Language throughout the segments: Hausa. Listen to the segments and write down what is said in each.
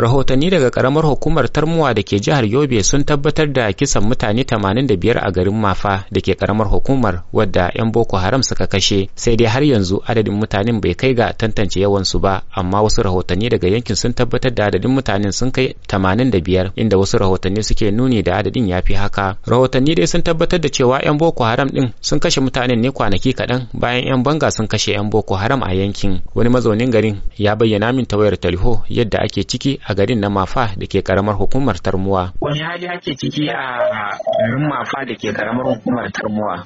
rahotanni daga karamar hukumar tarmuwa da ke jihar yobe sun tabbatar da kisan mutane 85 a garin mafa da ke karamar hukumar wadda 'yan boko haram suka kashe sai dai har yanzu adadin mutanen bai kai ga tantance yawansu ba amma wasu rahotanni daga yankin sun tabbatar da adadin mutanen sun kai 85 inda wasu rahotanni suke nuni da adadin ya fi haka rahotanni dai sun tabbatar da cewa 'yan boko haram din sun kashe mutanen ne kwanaki kaɗan bayan 'yan banga sun kashe 'yan boko haram a yankin wani mazaunin garin ya bayyana min ta wayar talho yadda ake ciki a garin na Mafa da ke karamar hukumar Tarmuwa. Wani hali hake ciki a garin Mafa da ke karamar hukumar Tarmuwa?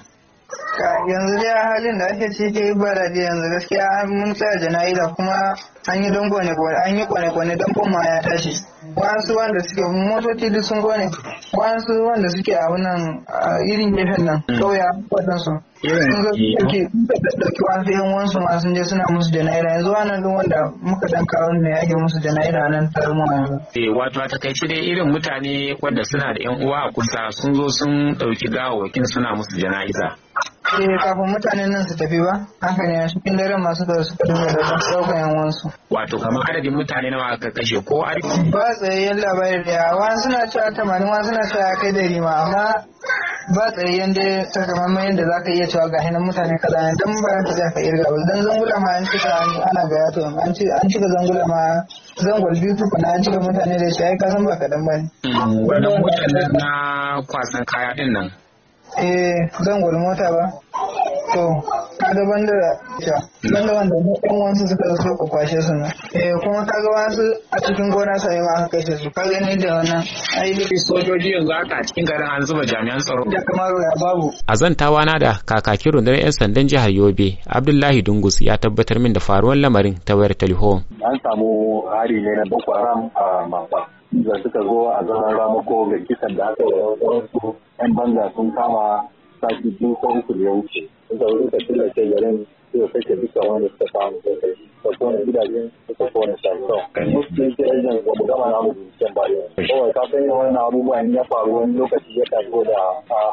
yanzu dai halin da ake ciki ba da yanzu gaskiya mun tsaya jana'iza kuma an yi dangone ne an ma ya tashi. wasu wanda suke motoci duk sun gone wasu wanda suke a wannan irin gefen nan hmm. kauya waɗansu sun ga suke ɗauki wasu yan wansu ma sun je suna musu da naira yanzu wannan duk wanda muka dan kawo ne ke musu da naira nan a yanzu. Eh, wato a takaice dai irin mutane wanda suna da yan uwa a kusa sun zo sun ɗauki gawawakin suna musu jana'iza. eh kafin mutanen nan su tafi ba haka ne cikin daren masu da su tafi da daukan yan wansu wato kamar adadin mutane nawa aka kashe ko ari ba tsayayyen labarin da wani suna cewa tamanin wani suna cewa kai dari ma amma ba tsayayyen da mai yadda za ka iya cewa ga hinan mutane kaza ne dan ba ta ka irga ba dan zangula ma an cika ana ga yato an an cika zangula ma zangul biyu tukuna an cika mutane da shi ka san ba kadan ba ne hmm, wannan mutanen na kwasan kaya din nan eh zan gwada mota ba to kaga banda da ja banda wanda ɗan wasu suka so ku kwashe su na eh kuma ga wasu a cikin gona sai ma aka kashe su kaga ni da wannan ai duk sojoji yanzu aka a cikin garin an zuba jami'an tsaro da kamar ya babu azantawa na da kakakin rundunar yan sandan jihar Yobe Abdullahi Dungus ya tabbatar min da faruwar lamarin ta wayar telefon an samu hari ne na Boko Haram a Makwa da suka zo a zaman ramako ga kisan da aka yi yan banza sun kama sati biyu ko uku da ya wuce suka zo suka killace garin suka kashe duka wanda suka da kai suka kone gidaje suka kone sasau musulun ke ajiyar ba mu gama namu binciken ba yau kawai ka san yawan na abubuwa in ya faru wani lokaci ya taso da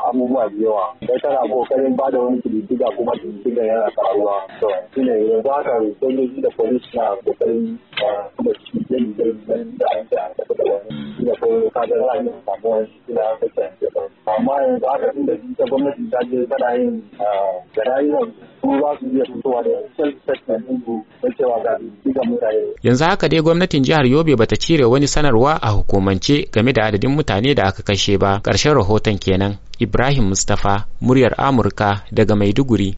abubuwa da yawa kai kana kokarin ba da wani kididdiga kuma kididdiga yana faruwa to shine yanzu haka sojoji da polis na kokarin da shi yin birnin da an ta tafi da wani shi da kawai za a yi samu wani shi da aka canza ba amma yanzu aka tun da ita gwamnati ta je tana yin da rayuwar kuma za su iya fitowa da self assessment din su don cewa ga da mutane. yanzu haka dai gwamnatin jihar yobe bata cire wani sanarwa a hukumance game da adadin mutane da aka kashe ba ƙarshen rahoton kenan ibrahim mustapha muryar amurka daga maiduguri